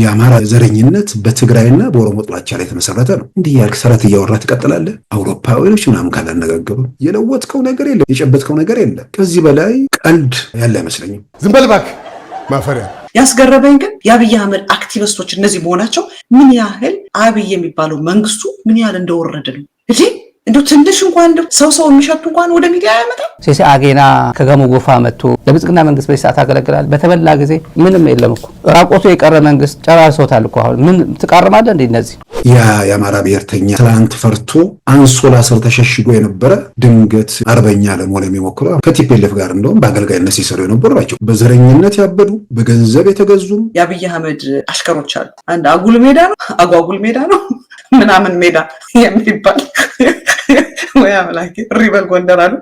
የአማራ ዘረኝነት በትግራይና በኦሮሞ ጥላቻ ላይ የተመሰረተ ነው። እንዲህ ያልክ ሰረት እያወራ ትቀጥላለህ። አውሮፓዊዎች ምናምን ካላነጋገበው የለወጥከው ነገር የለም፣ የጨበጥከው ነገር የለም። ከዚህ በላይ ቀልድ ያለ አይመስለኝም። ዝም በል እባክህ ማፈሪያ። ያስገረመኝ ግን የአብይ አህመድ አክቲቪስቶች እነዚህ መሆናቸው ምን ያህል አብይ የሚባለው መንግስቱ ምን ያህል እንደወረደ ነው። እንዶ ትንሽ እንኳን ሰው ሰው የሚሸቱ እንኳን ወደ ሚዲያ ያመጣል። ሴሴ አጌና ከገሙ ጎፋ መጥቶ ለብልጽግና መንግስት በዚህ ሰዓት አገለግላል። በተበላ ጊዜ ምንም የለም እኮ ራቆቱ የቀረ መንግስት ጨራርሶታል እኮ። አሁን ምን ትቃርማለህ እንዴ? እነዚህ ያ የአማራ ብሔርተኛ ትላንት ፈርቶ አንሶላ ስር ተሸሽጎ የነበረ ድንገት አርበኛ ለመሆን የሚሞክሩ ከቲፔልፍ ጋር እንደውም በአገልጋይነት ሲሰሩ የነበሩ ናቸው። በዘረኝነት ያበዱ በገንዘብ የተገዙም የአብይ አህመድ አሽከሮች አሉ። አንድ አጉል ሜዳ ነው፣ አጓጉል ሜዳ ነው ምናምን ሜዳ የሚባል ወይ አምላኬ ሪበል ጎንደር አሉ።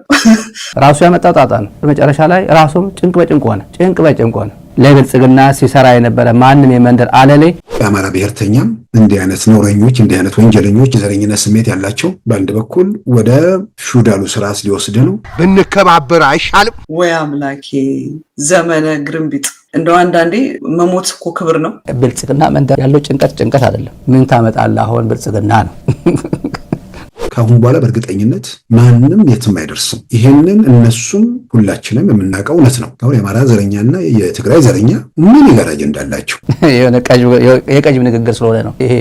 ራሱ ያመጣው ጣጣ ነው። በመጨረሻ ላይ ራሱም ጭንቅ በጭንቅ ሆነ። ጭንቅ በጭንቅ ሆነ። ለብልጽግና ሲሰራ የነበረ ማንም የመንደር አለሌ የአማራ ብሔርተኛም እንዲህ አይነት ነውረኞች፣ እንዲህ አይነት ወንጀለኞች፣ የዘረኝነት ስሜት ያላቸው በአንድ በኩል ወደ ፊውዳሉ ስርዓት ሊወስድ ነው። ብንከባበር አይሻልም ወይ? አምላኬ ዘመነ ግርንቢጥ እንደው አንዳንዴ መሞት እኮ ክብር ነው። ብልጽግና መንደር ያለው ጭንቀት ጭንቀት አይደለም። ምን ታመጣለህ አሁን ብልጽግና ነው ከአሁን በኋላ በእርግጠኝነት ማንም የትም አይደርስም። ይሄንን እነሱም ሁላችንም የምናውቀው እውነት ነው። አሁን የአማራ ዘረኛና የትግራይ ዘረኛ ምን ይገር አጀንዳ አላቸው? የቀጅብ ንግግር ስለሆነ ነው ይሄ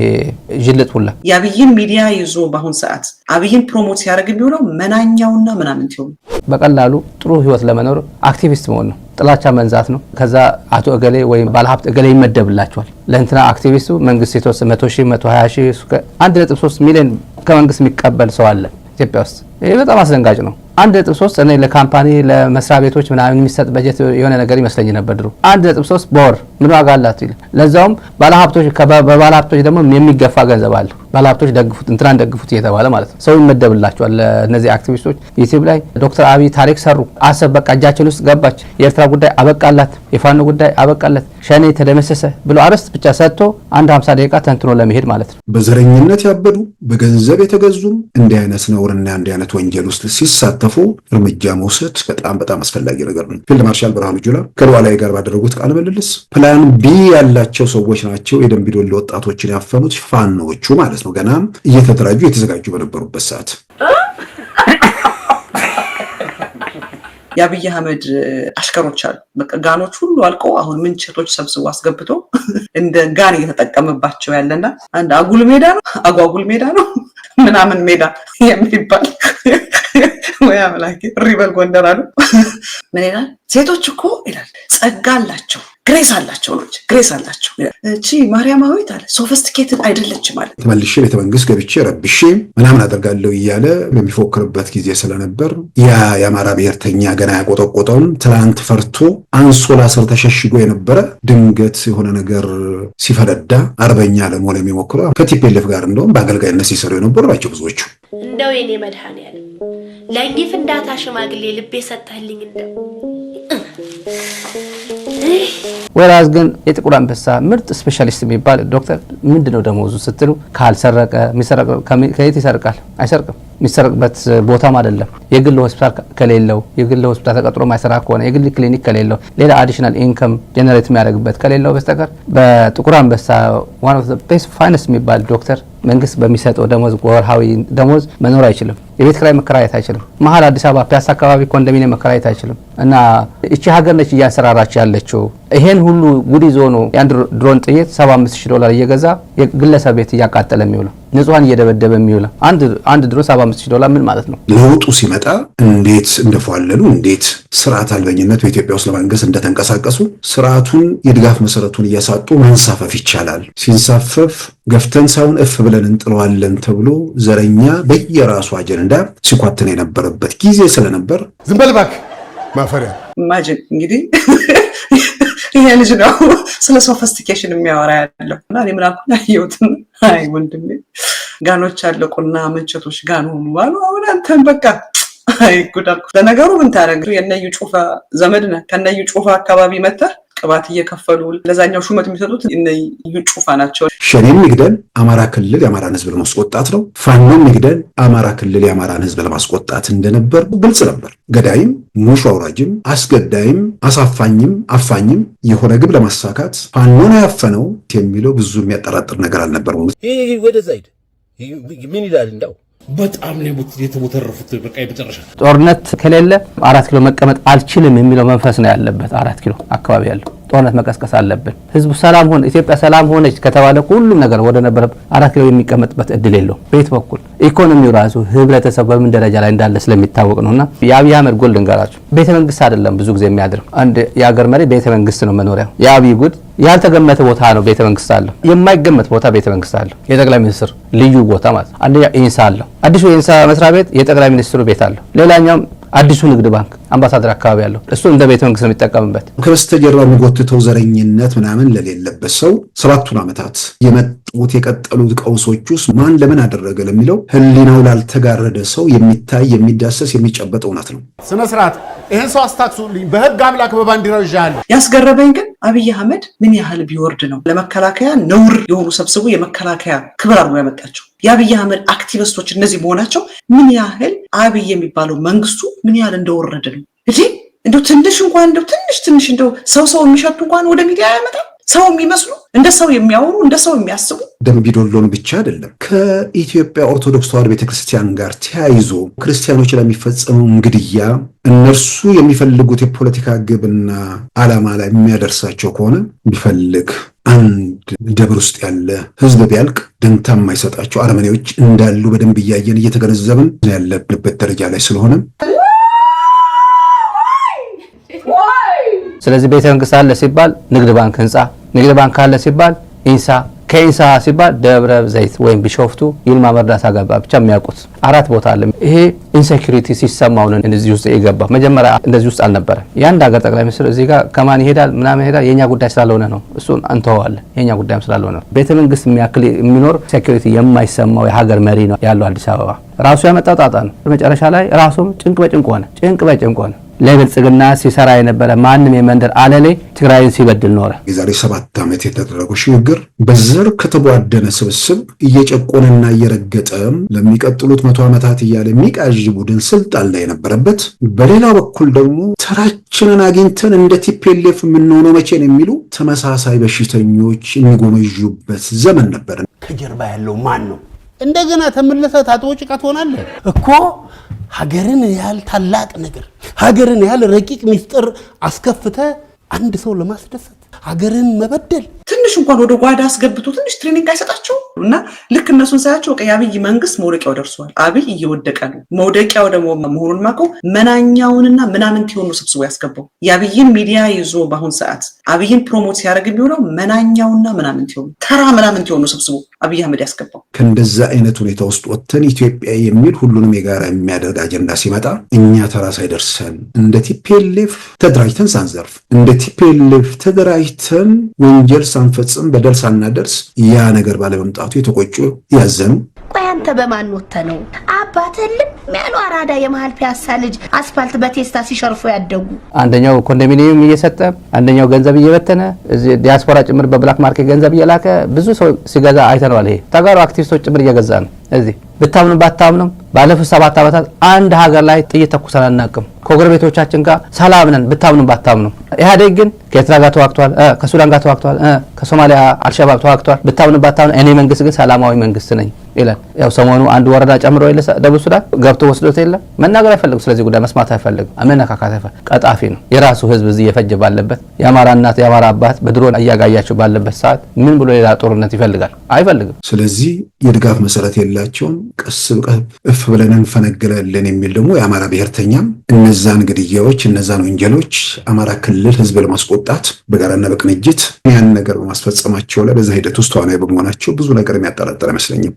ጅልጥ ሁላ የአብይን ሚዲያ ይዞ በአሁን ሰዓት አብይን ፕሮሞት ሲያደርግ የሚሆነው መናኛውና ምናምን ሲሆኑ በቀላሉ ጥሩ ህይወት ለመኖር አክቲቪስት መሆን ነው። ጥላቻ መንዛት ነው። ከዛ አቶ እገሌ ወይም ባለሀብት እገሌ ይመደብላቸዋል። ለእንትና አክቲቪስቱ መንግስት የተወሰ መቶ ሺህ መቶ ሀያ ሺህ አንድ ነጥብ ሶስት ሚሊዮን ከመንግስት የሚቀበል ሰው አለ ኢትዮጵያ ውስጥ። ይህ በጣም አስደንጋጭ ነው። አንድ ነጥብ ሶስት እኔ ለካምፓኒ ለመስሪያ ቤቶች ምናምን የሚሰጥ በጀት የሆነ ነገር ይመስለኝ ነበር ድሮ አንድ ነጥብ ሶስት በወር ምን ዋጋ አላት? ለዛውም ባለሀብቶች በባለሀብቶች ደግሞ የሚገፋ ገንዘብ አለ። ባለሀብቶች ደግፉት፣ እንትናን ደግፉት እየተባለ ማለት ነው። ሰው ይመደብላቸዋል። ለእነዚህ አክቲቪስቶች ዩቲብ ላይ ዶክተር አብይ ታሪክ ሰሩ። አሰብ በቃ እጃችን ውስጥ ገባች፣ የኤርትራ ጉዳይ አበቃላት፣ የፋኖ ጉዳይ አበቃላት፣ ሸኔ ተደመሰሰ ብሎ አርዕስት ብቻ ሰጥቶ አንድ ሀምሳ ደቂቃ ተንትኖ ለመሄድ ማለት ነው። በዘረኝነት ያበዱ በገንዘብ የተገዙም እንዲህ አይነት ነውርና እንዲህ አይነት ወንጀል ውስጥ ሲሳተፉ እርምጃ መውሰድ በጣም በጣም አስፈላጊ ነገር ነው። ፊልድ ማርሻል ብርሃኑ ጁላ ከሉዓላዊ ጋር ባደረጉት ቃለ ምልልስ ፕላን ቢ ያላቸው ሰዎች ናቸው የደምቢዶሎ ወጣቶችን ያፈኑት ፋኖቹ ማለት ነው። ገና እየተደራጁ የተዘጋጁ በነበሩበት ሰዓት የአብይ አህመድ አሽከሮች አሉ። በቃ ጋኖች ሁሉ አልቆ አሁን ምንቸቶች ሰብስቦ አስገብቶ እንደ ጋን እየተጠቀመባቸው ያለና አንድ አጉል ሜዳ ነው አጓጉል ሜዳ ነው ምናምን ሜዳ የሚባል ወይ አምላኬ ሪበል ጎንደር አሉ ምን ይላል? ሴቶች እኮ ይላል ጸጋ አላቸው ግሬስ አላቸው ነው ግሬስ አላቸው። እቺ ማርያማዊት አለ ሶፊስቲኬትድ አይደለችም አለ። ተመልሼ ቤተመንግስት ገብቼ ረብሼ ምናምን አደርጋለሁ እያለ በሚፎክርበት ጊዜ ስለነበር ያ የአማራ ብሔርተኛ ገና ያቆጠቆጠውን ትላንት ፈርቶ አንሶላ ስር ተሸሽጎ የነበረ ድንገት የሆነ ነገር ሲፈነዳ አርበኛ ለመሆን የሚሞክረው ከቲፒኤልኤፍ ጋር እንደውም በአገልጋይነት ሲሰሩ የነበሩ ናቸው ብዙዎቹ። እንደው የኔ መድኃኔዓለም ለእኚህ ፍንዳታ ሽማግሌ ልቤ ሰጠህልኝ እንደው ወራዝ ግን የጥቁር አንበሳ ምርጥ ስፔሻሊስት የሚባል ዶክተር ምንድነው ደሞዙ ስትሉ ካልሰረቀ ከየት ይሰርቃል? አይሰርቅም። የሚሰረቅበት ቦታም አይደለም። የግል ሆስፒታል ከሌለው የግል ሆስፒታል ተቀጥሮ ማይሰራ ከሆነ የግል ክሊኒክ ከሌለው ሌላ አዲሽናል ኢንከም ጀነሬት የሚያደርግበት ከሌለው በስተቀር በጥቁር አንበሳ ዋን ኦፍ የሚባል ዶክተር መንግስት በሚሰጠው ደሞዝ ወርሃዊ ደሞዝ መኖር አይችልም። የቤት ክራይ መከራየት አይችልም። መሀል አዲስ አበባ ፒያሳ አካባቢ ኮንዶሚኒየም መከራየት አይችልም። እና እቺ ሀገር ነች እያንሰራራች ያለችው ይሄን ሁሉ ጉድ ይዞ ነው የአንድ ድሮን ጥይት 75 ዶላር እየገዛ የግለሰብ ቤት እያቃጠለ የሚውለው ንጹሐን እየደበደበ የሚውለው አንድ አንድ ድሮን 75 ዶላር ምን ማለት ነው? ለውጡ ሲመጣ እንዴት እንደፏለሉ እንዴት ስርዓት አልበኝነት በኢትዮጵያ ውስጥ ለመንገስ እንደተንቀሳቀሱ ስርዓቱን የድጋፍ መሰረቱን እያሳጡ መንሳፈፍ ይቻላል። ሲንሳፈፍ ገፍተን ሳይሆን እፍ ብለን እንጥለዋለን ተብሎ ዘረኛ በየራሱ አጀንዳ ሲኳትን የነበረበት ጊዜ ስለነበር ዝም በል እባክህ ማፈሪያ ማጅን እንግዲህ ልጅ ነው ስለ ሶፈስቲኬሽን የሚያወራ ያለው እና እኔ ምን አልኩኝ አየሁትን አይ ወንድሜ ጋኖች አለቁና መቼቶች ጋን ሆኑ ባሉ አሁን አንተን በቃ ይጉዳል። ለነገሩ ምን ታደረግ የነዩ ጩፋ ዘመድ ነ ከነዩ ጩፋ አካባቢ መተህ ቅባት እየከፈሉ ለዛኛው ሹመት የሚሰጡት እነ ጩፋ ናቸው። ሸኔም ይግደል አማራ ክልል የአማራን ህዝብ ለማስቆጣት ነው። ፋኖም ይግደል አማራ ክልል የአማራን ህዝብ ለማስቆጣት እንደነበር ግልጽ ነበር። ገዳይም ሙሽ አውራጅም አስገዳይም አሳፋኝም አፋኝም የሆነ ግብ ለማሳካት ፋኖን ያፈነው የሚለው ብዙ የሚያጠራጥር ነገር አልነበረም። ይህ ወደዛ ምን ይላል እንዳው በጣም ነው የተቦተረፉት። በቃ የመጨረሻ ጦርነት ከሌለ አራት ኪሎ መቀመጥ አልችልም የሚለው መንፈስ ነው ያለበት። አራት ኪሎ አካባቢ ያለው ጦርነት መቀስቀስ አለብን። ህዝቡ ሰላም ሆነ ኢትዮጵያ ሰላም ሆነች ከተባለ ሁሉም ነገር ወደ ነበረ አራት ኪሎ የሚቀመጥበት እድል የለው። ቤት በኩል ኢኮኖሚው ራሱ ህብረተሰቡ በምን ደረጃ ላይ እንዳለ ስለሚታወቅ ነው። እና የአብይ አህመድ ጎል ልንገራችሁ፣ ቤተ መንግስት አይደለም ብዙ ጊዜ የሚያድር አንድ የአገር መሪ ቤተ መንግስት ነው መኖሪያ የአብይ ጉድ ያልተገመተ ቦታ ነው ቤተ መንግስት አለው። የማይገመት ቦታ ቤተ መንግስት አለው። የጠቅላይ ሚኒስትር ልዩ ቦታ ማለት አንደኛው ኢንሳ አለው። አዲሱ የኢንሳ መስሪያ ቤት የጠቅላይ ሚኒስትሩ ቤት አለው። ሌላኛውም አዲሱ ንግድ ባንክ አምባሳደር አካባቢ ያለው እሱ እንደ ቤተ መንግስት ነው የሚጠቀምበት። ከበስተጀርባ የሚጎትተው ዘረኝነት ምናምን ለሌለበት ሰው ሰባቱን ዓመታት የመጡት የቀጠሉት ቀውሶች ውስጥ ማን ለምን አደረገ ለሚለው ህሊናው ላልተጋረደ ሰው የሚታይ የሚዳሰስ የሚጨበጥ እውነት ነው። ስነስርዓት ይህን ሰው አስታክሱልኝ፣ በህግ አምላክ በባንዲራ ይዣል። ያስገረመኝ ግን አብይ አህመድ ምን ያህል ቢወርድ ነው ለመከላከያ ነውር የሆኑ ሰብስቡ የመከላከያ ክብር አድርጎ ያመጣቸው የአብይ አህመድ አክቲቪስቶች እነዚህ መሆናቸው ምን ያህል አብይ የሚባለው መንግስቱ ምን ያህል እንደወረደ ነው እንጂ እንደው ትንሽ እንኳን እንደው ትንሽ ትንሽ እንደው ሰው ሰው የሚሸቱ እንኳን ወደ ሚዲያ ያመጣል ሰው የሚመስሉ እንደ ሰው የሚያወሩ እንደ ሰው የሚያስቡ ደምቢዶሎን ብቻ አይደለም። ከኢትዮጵያ ኦርቶዶክስ ተዋሕዶ ቤተክርስቲያን ጋር ተያይዞ ክርስቲያኖች ለሚፈጸሙ እንግድያ እነርሱ የሚፈልጉት የፖለቲካ ግብና ዓላማ ላይ የሚያደርሳቸው ከሆነ ቢፈልግ አንድ ደብር ውስጥ ያለ ህዝብ ቢያልቅ ደንታ የማይሰጣቸው አረመኔዎች እንዳሉ በደንብ እያየን እየተገነዘብን ያለብንበት ደረጃ ላይ ስለሆነ ስለዚህ ቤተ መንግስት አለ ሲባል ንግድ ባንክ ህንፃ፣ ንግድ ባንክ አለ ሲባል ኢንሳ ከኢንሳ ሲባል ደብረ ዘይት ወይም ቢሾፍቱ ይልማ መርዳሳ ገባ። ብቻ የሚያውቁት አራት ቦታ አለ። ይሄ ኢንሴኪሪቲ ሲሰማውን እዚህ ውስጥ የገባ መጀመሪያ እንደዚህ ውስጥ አልነበረ። የአንድ ሀገር ጠቅላይ ሚኒስትር እዚህ ጋር ከማን ይሄዳል ምናምን ይሄዳል፣ የእኛ ጉዳይ ስላልሆነ ነው። እሱን እንተዋለን። የእኛ ጉዳይም ስላልሆነ ነው። ቤተ መንግስት የሚያክል የሚኖር ሴኪሪቲ የማይሰማው የሀገር መሪ ነው ያለው አዲስ አበባ ራሱ ያመጣው ጣጣ ነው። መጨረሻ ላይ ራሱም ጭንቅ በጭንቅ ሆነ። ጭንቅ በጭንቅ ሆነ። ለብልጽግና ሲሰራ የነበረ ማንም የመንደር አለሌ ትግራይን ሲበድል ኖረ። የዛሬ ሰባት ዓመት የተደረገው ሽግግር በዘር ከተቧደነ ስብስብ እየጨቆነና እየረገጠ ለሚቀጥሉት መቶ ዓመታት እያለ የሚቃዥ ቡድን ስልጣን ላይ የነበረበት፣ በሌላ በኩል ደግሞ ተራችንን አግኝተን እንደ ቲፔሌፍ የምንሆነው መቼን የሚሉ ተመሳሳይ በሽተኞች የሚጎመዡበት ዘመን ነበር። ከጀርባ ያለው ማን ነው? እንደገና ተመለሰ ታጥቦ ጭቃ ትሆናለህ እኮ ሀገርን ያህል ታላቅ ነገር ሀገርን ያህል ረቂቅ ሚስጥር አስከፍተ አንድ ሰው ለማስደሰት ሀገርን መበደል ትንሽ እንኳን ወደ ጓዳ አስገብቶ ትንሽ ትሬኒንግ አይሰጣቸው እና ልክ እነሱን ሳያቸው የአብይ መንግስት መውደቂያው ደርሷል። አብይ እየወደቀ ነው። መውደቂያው ደግሞ መሆኑን ማቀው መናኛውንና ምናምንት የሆኑ ሰብስቦ ያስገባው የአብይን ሚዲያ ይዞ በአሁን ሰዓት አብይን ፕሮሞት ሲያደርግ የሚሆነው መናኛውና ምናምንት የሆኑ ተራ ምናምንት የሆኑ ሰብስቦ አብይ አህመድ ያስገባው። ከእንደዛ አይነት ሁኔታ ውስጥ ወጥተን ኢትዮጵያ የሚል ሁሉንም የጋራ የሚያደርግ አጀንዳ ሲመጣ እኛ ተራ ሳይደርሰን እንደ ቲፔሌፍ ተደራጅተን ሳንዘርፍ እንደ ቲፔሌፍ ተደራጅተን ወንጀል ሳንፈ ሳንፈጽም በደል ሳናደርስ ያ ነገር ባለመምጣቱ የተቆጩ ያዘኑ። ቆይ አንተ በማን ወጥተህ ነው አባትህ ሚያሉ አራዳ የመሀል ፒያሳ ልጅ አስፋልት በቴስታ ሲሸርፎ ያደጉ አንደኛው ኮንዶሚኒየም እየሰጠ አንደኛው ገንዘብ እየበተነ ዲያስፖራ ጭምር በብላክ ማርኬት ገንዘብ እየላከ ብዙ ሰው ሲገዛ አይተነዋል። ይሄ ተጋሩ አክቲቪስቶች ጭምር እየገዛ ነው። እዚህ ብታምኑ ባታምኑም ባለፉት ሰባት ዓመታት አንድ ሀገር ላይ ጥይት ተኩሰን አናቅም። ከጎረቤቶቻችን ጋር ሰላም ነን ብታምኑ ባታምኑ። ኢህአዴግ ግን ከኤርትራ ጋር ተዋግቷል፣ ከሱዳን ጋር ተዋግቷል፣ ከሶማሊያ አልሸባብ ተዋግቷል ብታምኑ ባታምኑ። እኔ መንግስት ግን ሰላማዊ መንግስት ነኝ ይላል። ያው ሰሞኑ አንድ ወረዳ ጨምሮ የለ ደቡብ ሱዳን ገብቶ ወስዶት የለም። መናገር አይፈልግም። ስለዚህ ጉዳይ መስማት አይፈልግም። አመነካካት አይፈልግም። ቀጣፊ ነው። የራሱ ህዝብ እዚህ እየፈጀ ባለበት የአማራ እናት የአማራ አባት በድሮን እያጋያቸው ባለበት ሰዓት ምን ብሎ ሌላ ጦርነት ይፈልጋል? አይፈልግም። ስለዚህ የድጋፍ መሰረት የላቸውም። ቀስ በቀስ ከፍ ብለን እንፈነግለልን የሚል ደግሞ የአማራ ብሔርተኛም እነዛን ግድያዎች፣ እነዛን ወንጀሎች አማራ ክልል ህዝብ ለማስቆጣት በጋራና በቅንጅት ያን ነገር በማስፈጸማቸው ላይ በዛ ሂደት ውስጥ ተዋናይ በመሆናቸው ብዙ ነገር የሚያጠራጥር አይመስለኝም።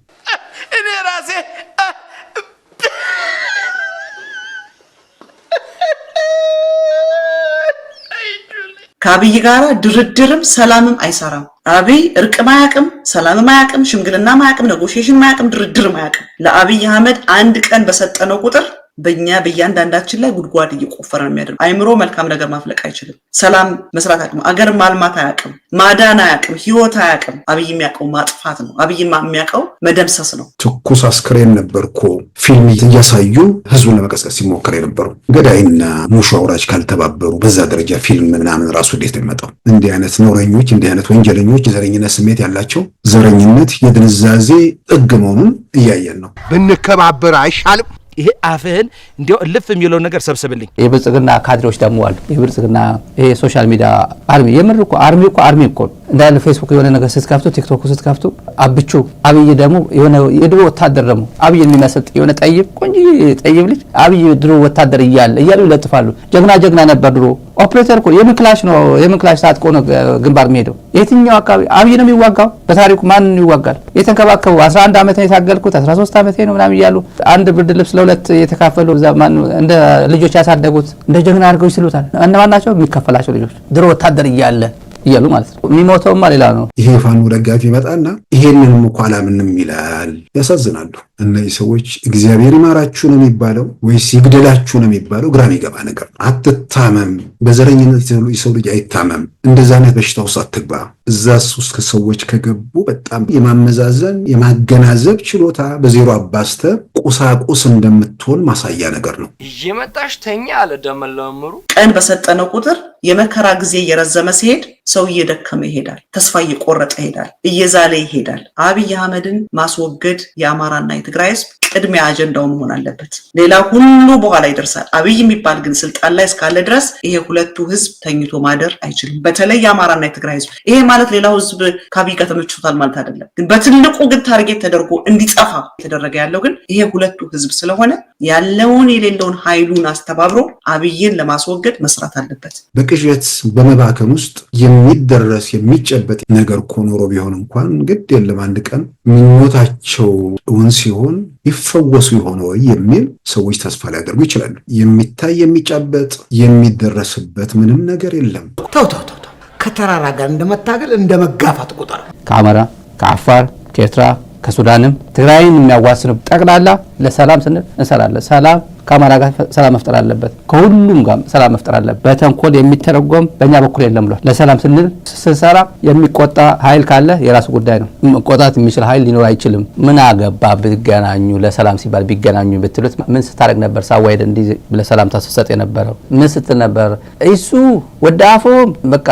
ከአብይ ጋራ ድርድርም ሰላምም አይሰራም። አብይ እርቅም ማያቅም፣ ሰላምም አያቅም፣ ሽምግልናም አያቅም፣ ኔጎሽሽንም አያቅም፣ ድርድርም አያቅም። ለአብይ አህመድ አንድ ቀን በሰጠነው ቁጥር በእኛ በእያንዳንዳችን ላይ ጉድጓድ እየቆፈረ ነው አይምሮ መልካም ነገር ማፍለቅ አይችልም። ሰላም መስራት አቅም፣ አገር ማልማት አያቅም፣ ማዳን አያቅም፣ ህይወት አያቅም። አብይ የሚያውቀው ማጥፋት ነው። አብይ የሚያውቀው መደምሰስ ነው። ትኩስ አስክሬን ነበር እኮ ፊልም እያሳዩ ህዝቡን ለመቀስቀስ ሲሞከር የነበሩ ገዳይና ሙሾ አውራጅ ካልተባበሩ በዛ ደረጃ ፊልም ምናምን ራሱ እንዴት የሚመጣው? እንዲህ አይነት ነውረኞች፣ እንዲህ አይነት ወንጀለኞች፣ የዘረኝነት ስሜት ያላቸው ዘረኝነት የድንዛዜ ጥግ መሆኑን እያየን ነው። ብንከባበር አይሻልም? ይሄ አፍህን እንዲያው እልፍ የሚለው ነገር ሰብስብልኝ። የብልጽግና ካድሬዎች ደግሞ አሉ። የብልጽግና ይሄ ሶሻል ሚዲያ አርሚ የምር እኮ አርሚ እኮ አርሚ እኮ ነው እንዳለ ፌስቡክ የሆነ ነገር ስትከፍቱ ቲክቶክ ስትከፍቱ አብቹ አብይ ደግሞ የሆነ የድሮ ወታደር ደግሞ አብይ የሚመስል የሆነ ጠይብ ቆንጆ ጠይብ ልጅ አብይ ድሮ ወታደር እያለ እያሉ ይለጥፋሉ። ጀግና ጀግና ነበር ድሮ። ኦፕሬተር እኮ የምን ክላሽ ነው? የምን ክላሽ ታጥቆ ነው ግንባር የሚሄደው? የትኛው አካባቢ አብይ ነው የሚዋጋው? በታሪኩ ማን ይዋጋል? የተንከባከቡ 11 ዓመት ነው የታገልኩት 13 ዓመት ነው ምናምን እያሉ አንድ ብርድ ልብስ ለሁለት የተካፈሉ እንደ ልጆች ያሳደጉት እንደ ጀግና አድርገው ይስሉታል። እነማን ናቸው የሚከፈላቸው ልጆች? ድሮ ወታደር እያለ እያሉ ማለት ነው። የሚሞተውማ ሌላ ነው። ይሄ ፋኖ ደጋፊ ይመጣና ይሄንንም እኮ አላምንም ይላል። ያሳዝናሉ። እነዚህ ሰዎች እግዚአብሔር ይማራችሁ ነው የሚባለው ወይስ ይግደላችሁ ነው የሚባለው? ግራ የሚገባ ነገር። አትታመም፣ በዘረኝነት የሰው ልጅ አይታመም። እንደዛ አይነት በሽታ ውስጥ አትግባ። እዛ ውስጥ ከሰዎች ከገቡ በጣም የማመዛዘን የማገናዘብ ችሎታ በዜሮ አባስተ ቁሳቁስ እንደምትሆን ማሳያ ነገር ነው። እየመጣሽ ተኛ አለ ደመለምሩ። ቀን በሰጠነው ቁጥር የመከራ ጊዜ እየረዘመ ሲሄድ ሰው እየደከመ ይሄዳል። ተስፋ እየቆረጠ ይሄዳል። እየዛለ ይሄዳል። አብይ አህመድን ማስወገድ የአማራና grasp ቅድሚያ አጀንዳው መሆን አለበት። ሌላ ሁሉ በኋላ ይደርሳል። አብይ የሚባል ግን ስልጣን ላይ እስካለ ድረስ ይሄ ሁለቱ ህዝብ ተኝቶ ማደር አይችልም። በተለይ የአማራና የትግራይ ህዝብ። ይሄ ማለት ሌላው ህዝብ ከአብይ ጋር ተመችቶታል ማለት አይደለም። ግን በትልቁ ግን ታርጌት ተደርጎ እንዲጠፋ የተደረገ ያለው ግን ይሄ ሁለቱ ህዝብ ስለሆነ ያለውን የሌለውን ኃይሉን አስተባብሮ አብይን ለማስወገድ መስራት አለበት። በቅዠት በመባከን ውስጥ የሚደረስ የሚጨበጥ ነገር እኮ ኖሮ ቢሆን እንኳን ግድ የለም አንድ ቀን ምኞታቸው እውን ሲሆን ይፈወሱ የሆነ ወይ የሚል ሰዎች ተስፋ ሊያደርጉ ይችላሉ። የሚታይ የሚጨበጥ የሚደረስበት ምንም ነገር የለም። ተው ተው ተው፣ ከተራራ ጋር እንደመታገል እንደ መጋፋት ቁጠር። ከአማራ ከአፋር ከኤርትራ ከሱዳንም ትግራይን የሚያዋስኑ ጠቅላላ ለሰላም ስንል እንሰራለን። ሰላም ከአማራ ጋር ሰላም መፍጠር አለበት፣ ከሁሉም ጋር ሰላም መፍጠር አለበት። በተንኮል የሚተረጎም በእኛ በኩል የለም ብሏል። ለሰላም ስንል ስንሰራ የሚቆጣ ኃይል ካለ የራሱ ጉዳይ ነው። መቆጣት የሚችል ኃይል ሊኖር አይችልም። ምን አገባ ብትገናኙ፣ ለሰላም ሲባል ቢገናኙ ብትሉት ምን ስታደርግ ነበር? ሳዋሄድ እንዲህ ለሰላም ታስሰጥ የነበረው ምን ስትል ነበር? እሱ ወደ አፎ በቃ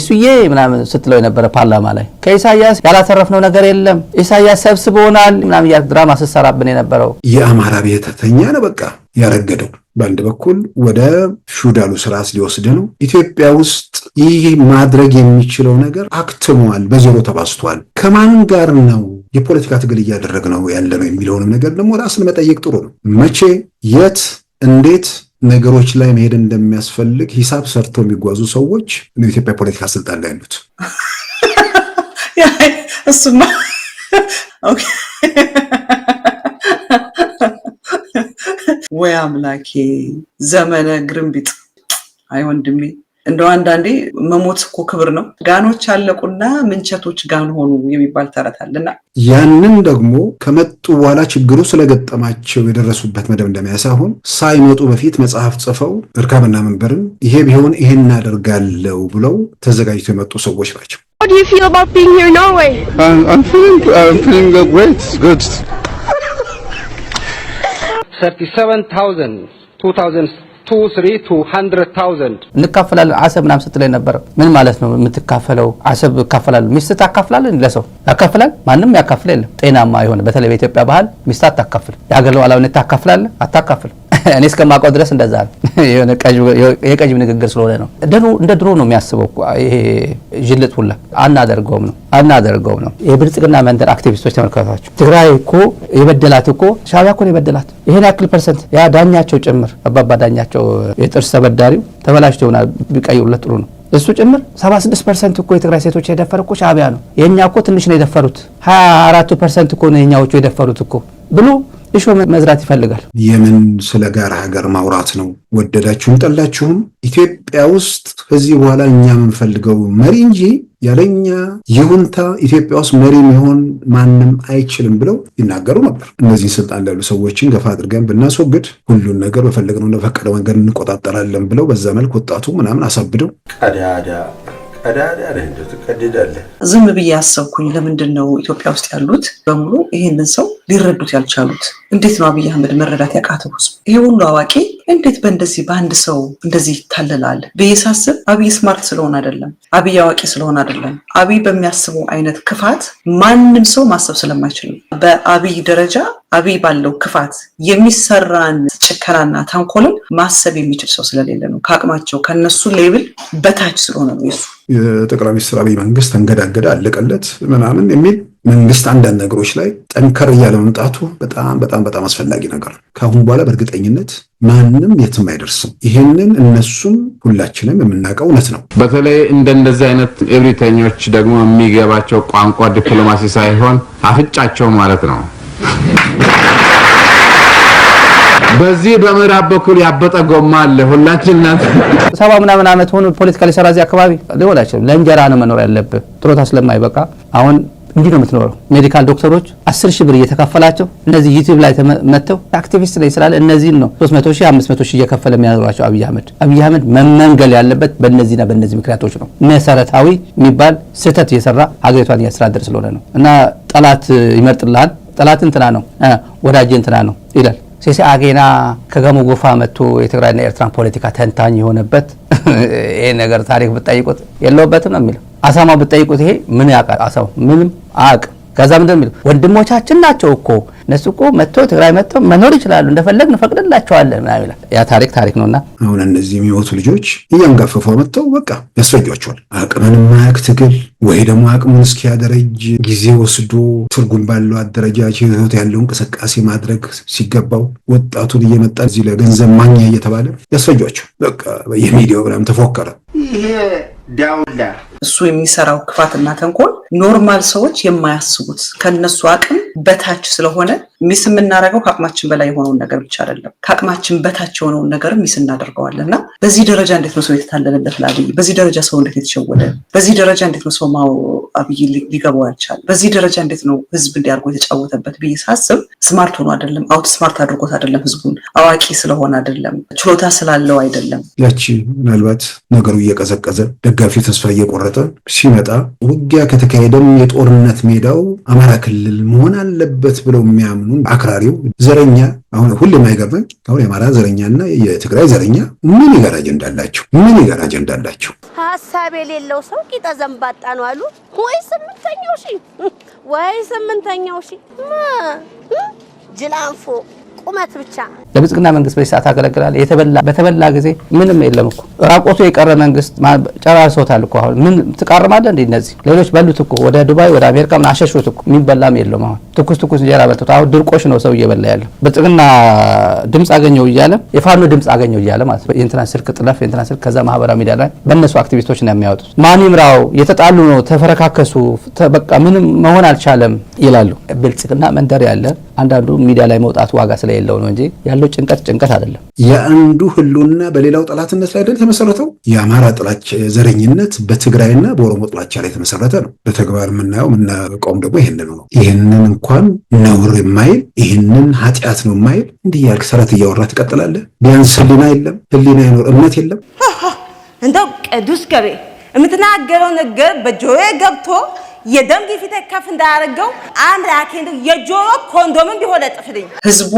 እሱዬ ምናምን ስትለው የነበረ ፓርላማ ላይ ከኢሳያስ ያላተረፍነው ነገር የለም ኢሳያስ ሰብስቦናል ምናምን ድራማ ስሰራብን የነበረው የአማራ ቤተተኛ ነው በቃ ያረገደው። በአንድ በኩል ወደ ፊውዳሉ ስርዓት ሊወስድ ነው። ኢትዮጵያ ውስጥ ይህ ማድረግ የሚችለው ነገር አክትሟል፣ በዜሮ ተባስቷል። ከማን ጋር ነው የፖለቲካ ትግል እያደረግ ነው ያለ ነው የሚለውንም ነገር ደግሞ ራስን መጠየቅ ጥሩ ነው። መቼ፣ የት፣ እንዴት ነገሮች ላይ መሄድ እንደሚያስፈልግ ሂሳብ ሰርተው የሚጓዙ ሰዎች ኢትዮጵያ ፖለቲካ ስልጣን ላይ ያሉት እሱማ ወይ አምላኬ ዘመነ ግርምቢጥ አይ ወንድሜ እንደው አንዳንዴ መሞት እኮ ክብር ነው። ጋኖች አለቁና ምንቸቶች ጋን ሆኑ የሚባል ተረት አለና ያንን ደግሞ ከመጡ በኋላ ችግሩ ስለገጠማቸው የደረሱበት መደምደሚያ ሳይሆን ሳይመጡ በፊት መጽሐፍ ጽፈው እርካብና መንበርን ይሄ ቢሆን ይሄን እናደርጋለው ብለው ተዘጋጅተው የመጡ ሰዎች ናቸው። እንካፈላለን አሰብ ምናምን ስትለኝ ነበር። ምን ማለት ነው የምትካፈለው? አሰብ እካፈላለሁ። ሚስት ታካፍላለህ? ለሰው ያካፍላል? ማንም ያካፍል የለም። ጤናማ የሆነ በተለይ በኢትዮጵያ ባህል ሚስት አታካፍል። የሀገር ሉዓላዊነት ታካፍላለህ? አታካፍል እኔ እስከማውቀው ድረስ እንደዛ ነው። የቀጅብ ንግግር ስለሆነ ነው። እንደ ድሮ ነው የሚያስበው። ይሄ ዥልጥ ሁላ አናደርገውም ነው አናደርገውም ነው። የብልጽግና መንደር አክቲቪስቶች ተመልከቷቸው። ትግራይ እኮ የበደላት እኮ ሻቢያ እኮ ነው የበደላት። ይሄን ያክል ፐርሰንት ያ ዳኛቸው ጭምር አባባ ዳኛቸው የጥርስ ተበዳሪው ተበላሽቶ ይሆናል ቢቀይሩለት ጥሩ ነው እሱ ጭምር 76 ፐርሰንት እኮ የትግራይ ሴቶች የደፈሩ እኮ ሻቢያ ነው። የእኛ እኮ ትንሽ ነው የደፈሩት። 24 ፐርሰንት እኮ ነው የእኛዎቹ የደፈሩት እኮ ብሎ እሾ መዝራት ይፈልጋል። የምን ስለ ጋራ ሀገር ማውራት ነው? ወደዳችሁም ጠላችሁም ኢትዮጵያ ውስጥ ከዚህ በኋላ እኛ የምንፈልገው መሪ እንጂ ያለኛ ይሁንታ ኢትዮጵያ ውስጥ መሪ የሚሆን ማንም አይችልም ብለው ይናገሩ ነበር። እነዚህን ስልጣን ላሉ ሰዎችን ገፋ አድርገን ብናስወግድ ሁሉን ነገር በፈለግነው በፈቀደ መንገድ እንቆጣጠራለን ብለው በዛ መልክ ወጣቱ ምናምን አሳብደው ቀዳዳ ትቀድዳለህ። ዝም ብዬ አሰብኩኝ። ለምንድን ነው ኢትዮጵያ ውስጥ ያሉት በሙሉ ይህንን ሰው ሊረዱት ያልቻሉት? እንዴት ነው አብይ አህመድ መረዳት ያቃተው ህዝብ? ይሄ ሁሉ አዋቂ እንዴት በእንደዚህ በአንድ ሰው እንደዚህ ይታለላል ብዬ ሳስብ፣ አብይ ስማርት ስለሆነ አይደለም፣ አብይ አዋቂ ስለሆነ አይደለም። አብይ በሚያስበው አይነት ክፋት ማንም ሰው ማሰብ ስለማይችል በአብይ ደረጃ አብይ ባለው ክፋት የሚሰራን ጭከናና ተንኮልን ማሰብ የሚችል ሰው ስለሌለ ነው። ከአቅማቸው ከነሱ ሌብል በታች ስለሆነ ነው የሱ የጠቅላይ ሚኒስትር አብይ መንግስት ተንገዳገደ አለቀለት ምናምን የሚል መንግስት አንዳንድ ነገሮች ላይ ጠንከር እያለ መምጣቱ በጣም በጣም በጣም አስፈላጊ ነገር ነው። ከአሁን በኋላ በእርግጠኝነት ማንም የትም አይደርስም። ይህንን እነሱም ሁላችንም የምናውቀው እውነት ነው። በተለይ እንደነዚህ አይነት እብሪተኞች ደግሞ የሚገባቸው ቋንቋ ዲፕሎማሲ ሳይሆን አፍጫቸው ማለት ነው። በዚህ በምዕራብ በኩል ያበጠ ጎማ አለ። ሁላችን ሰባ ምናምን ዓመት ሆኖ ፖለቲካ ሊሰራ እዚህ አካባቢ ሊሆን አይችልም። ለእንጀራ ነው መኖር ያለብህ። ጥሮታ ስለማይበቃ አሁን እንዲህ ነው የምትኖረው። ሜዲካል ዶክተሮች አስር ሺህ ብር እየተከፈላቸው እነዚህ ዩቲዩብ ላይ መጥተው አክቲቪስት ላይ ስላለ እነዚህን ነው 300 ሺህ 500 ሺህ እየከፈለ የሚያኖሯቸው አብይ አህመድ። አብይ አህመድ መመንገል ያለበት በእነዚህና በእነዚህ ምክንያቶች ነው። መሰረታዊ የሚባል ስህተት እየሰራ ሀገሪቷን እያስተዳደር ስለሆነ ነው። እና ጠላት ይመርጥልሃል። ጠላት እንትና ነው፣ ወዳጅ እንትና ነው ይላል ሲሲ አጌና ከገሙ ጉፋ መጥቶ የትግራይና የኤርትራን ፖለቲካ ተንታኝ የሆነበት ይህ ነገር ታሪክ ብጠይቁት የለውበትም ነው የሚለው። አሳማው ብጠይቁት ይሄ ምን ያውቃል? አሳማው ምንም አቅ ከዛ ምንድን የሚለው ወንድሞቻችን ናቸው እኮ እነሱ እኮ መጥቶ ትግራይ መጥቶ መኖር ይችላሉ፣ እንደፈለግ እንፈቅድላቸዋለን ምናምን ይላል። ያ ታሪክ ታሪክ ነውና አሁን እነዚህ የሚሞቱ ልጆች እያንጋፈፉ መጥተው በቃ ያስፈጇቸዋል። አቅምን የማያውቅ ትግል ወይ ደግሞ አቅሙን እስኪያደረጅ ጊዜ ወስዶ ትርጉም ባለው አደረጃጀት ህይወት ያለው እንቅስቃሴ ማድረግ ሲገባው ወጣቱን እየመጣ እዚህ ለገንዘብ ማኛ እየተባለ ያስፈጇቸው በቃ የሚዲያው ብላም ተፎከረ ይሄ ዳውላ እሱ የሚሰራው ክፋትና ተንኮል ኖርማል ሰዎች የማያስቡት ከነሱ አቅም በታች ስለሆነ ሚስ የምናደርገው ከአቅማችን በላይ የሆነውን ነገር ብቻ አይደለም፣ ከአቅማችን በታች የሆነውን ነገር ሚስ እናደርገዋለን። እና በዚህ ደረጃ እንዴት ነው ሰው የተታለለበት ላብይ? በዚህ ደረጃ ሰው እንዴት የተሸወደ? በዚህ ደረጃ እንዴት ነው ሰው አብይ ሊገባው ያልቻል። በዚህ ደረጃ እንዴት ነው ህዝብ እንዲያርጎ የተጫወተበት ብዬ ሳስብ ስማርት ሆኖ አይደለም፣ አውት ስማርት አድርጎት አይደለም፣ ህዝቡን አዋቂ ስለሆነ አይደለም፣ ችሎታ ስላለው አይደለም። ያቺ ምናልባት ነገሩ እየቀዘቀዘ ደጋፊው ተስፋ እየቆረጠ ሲመጣ ውጊያ ከተካሄደም የጦርነት ሜዳው አማራ ክልል መሆን አለበት ብለው የሚያምኑ አክራሪው ዘረኛ አሁን ሁሌም አይገርመኝ አሁን የአማራ ዘረኛና የትግራይ ዘረኛ ምን ይገር አጀንዳ አላቸው? ምን ይገር አጀንዳ አላቸው? ሀሳብ የሌለው ሰው ቂጠ ዘንባጣ ነው አሉ። ወይ ስምንተኛው ሺ ወይ ስምንተኛው ሺ ጅላንፎ ቁመት ብቻ ለብልጽግና መንግስት በዚህ ሰዓት ያገለግላል። የተበላ በተበላ ጊዜ ምንም የለም እኮ ራቆቱ የቀረ መንግስት ጨራርሶታል እኮ አሁን ምን ትቃርማለ እንዲ እነዚህ ሌሎች በሉት እኮ ወደ ዱባይ ወደ አሜሪካ ምን አሸሹት እኮ የሚበላም የለም አሁን ትኩስ ትኩስ እንጀራ በልተው አሁን ድርቆሽ ነው ሰው እየበላ ያለ ብልጽግና ድምፅ አገኘው እያለ የፋኖ ድምፅ አገኘው እያለ ማለት የእንትናን ስልክ ጥለፍ የእንትናን ስልክ ከዛ ማህበራዊ ሚዲያ ላይ በእነሱ አክቲቪስቶች ነው የሚያወጡት። ማን ይምራው የተጣሉ ነው ተፈረካከሱ፣ በቃ ምንም መሆን አልቻለም ይላሉ። ብልጽግና መንደር ያለ አንዳንዱ ሚዲያ ላይ መውጣት ዋጋ ስለሌለው ነው እንጂ ያለው ጭንቀት ጭንቀት አይደለም። የአንዱ ህልውና በሌላው ጠላትነት ላይ አይደል የተመሰረተው። የአማራ ጥላቻ ዘረኝነት በትግራይና በኦሮሞ ጥላቻ ላይ የተመሰረተ ነው። በተግባር የምናየው የምናውቀውም ደግሞ ይህንን ነው። ይህንን እንኳን ነውር የማይል ይህንን ኃጢአት ነው የማይል እንዲህ ያልክ ሰራት እያወራ ትቀጥላለህ። ቢያንስ ህሊና የለም፣ ህሊና ይኖር እምነት የለም። እንደው ቅዱስ ገቤ የምትናገረው ነገር በጆሮ ገብቶ የደም ግፊት ከፍ እንዳያደርገው አንድ አኬ የጆሮ ኮንዶምን ቢሆን ጥፍልኝ ህዝቡ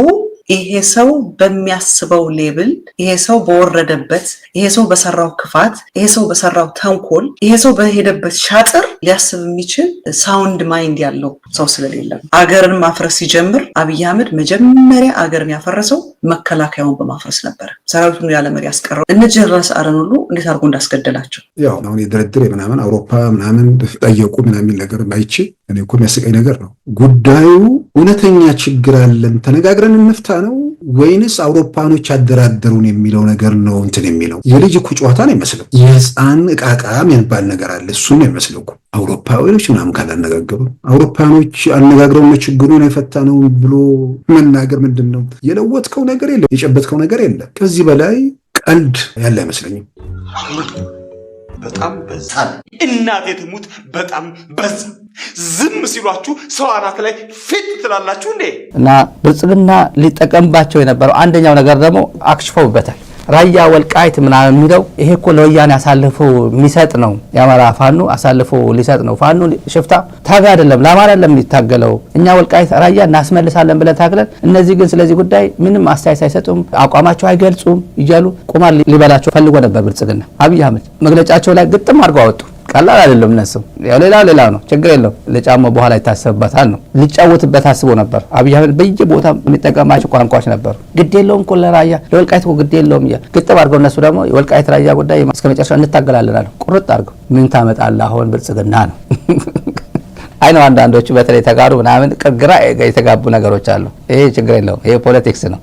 ይሄ ሰው በሚያስበው ሌብል፣ ይሄ ሰው በወረደበት፣ ይሄ ሰው በሰራው ክፋት፣ ይሄ ሰው በሰራው ተንኮል፣ ይሄ ሰው በሄደበት ሻጥር ሊያስብ የሚችል ሳውንድ ማይንድ ያለው ሰው ስለሌለ አገርን ማፍረስ ሲጀምር አብይ አህመድ መጀመሪያ አገርን ያፈረሰው መከላከያውን በማፍረስ ነበር። ሰራዊቱን ያለ መሪ ያስቀረው እነ ጀነራል ሰዓረን ሁሉ እንዴት አድርጎ እንዳስገደላቸው ያው አሁን የድርድር ምናምን አውሮፓ ምናምን ጠየቁ ምናምን ነገር ባይችል እኔ እኮ የሚያስቀኝ ነገር ነው። ጉዳዩ እውነተኛ ችግር አለን ተነጋግረን እንፍታ ነው ወይንስ አውሮፓኖች ያደራደሩን የሚለው ነገር ነው እንትን የሚለው የልጅ እኮ ጨዋታ ነው ይመስለው። የህፃን እቃቃ የሚባል ነገር አለ። እሱን ነው ይመስለው እኮ አውሮፓኖች ምናምን ካላነጋገሩ አውሮፓኖች አነጋግረው ችግሩን የፈታ ነው ብሎ መናገር ምንድን ነው? የለወጥከው ነገር የለም፣ የጨበጥከው ነገር የለም። ከዚህ በላይ ቀልድ ያለ አይመስለኝም። በጣም በዛ። እናቴ ትሙት በጣም በዛ። ዝም ሲሏችሁ ሰው አናት ላይ ፊት ትላላችሁ እንዴ! እና ብልጽግና ሊጠቀምባቸው የነበረው አንደኛው ነገር ደግሞ አክሽፈውበታል። ራያ ወልቃይት ምናምን የሚለው ይሄ እኮ ለወያኔ አሳልፎ የሚሰጥ ነው። የአማራ ፋኖ አሳልፎ ሊሰጥ ነው። ፋኖ ሽፍታ ታጋ አይደለም፣ ለአማራ አይደለም የሚታገለው። እኛ ወልቃይት ራያ እናስመልሳለን ብለን ታግለን፣ እነዚህ ግን ስለዚህ ጉዳይ ምንም አስተያየት አይሰጡም፣ አቋማቸው አይገልጹም እያሉ ቁማር ሊበላቸው ፈልጎ ነበር ብልጽግና። አብይ አህመድ መግለጫቸው ላይ ግጥም አድርጎ አወጡ። ቀላል አይደለም። እነሱ ያው ሌላ ሌላ ነው፣ ችግር የለው። ለጫማ በኋላ ይታሰብበታል ነው ሊጫወትበት አስቦ ነበር። አብይ አህመድ በየ ቦታ የሚጠቀማቸው ቋንቋዎች ነበሩ። ግድ የለውም እኮ ለራያ ለወልቃይት እኮ ግድ የለውም እያ ግጥም አድርገው እነሱ ደግሞ የወልቃይት ራያ ጉዳይ እስከ መጨረሻ እንታገላለን አለ። ቁርጥ አድርገው ምን ታመጣለህ አሁን ብልጽግና ነው አይ ነው። አንዳንዶቹ በተለይ ተጋሩ ምናምን ቅግራ የተጋቡ ነገሮች አሉ። ይሄ ችግር የለውም። ይሄ ፖለቲክስ ነው።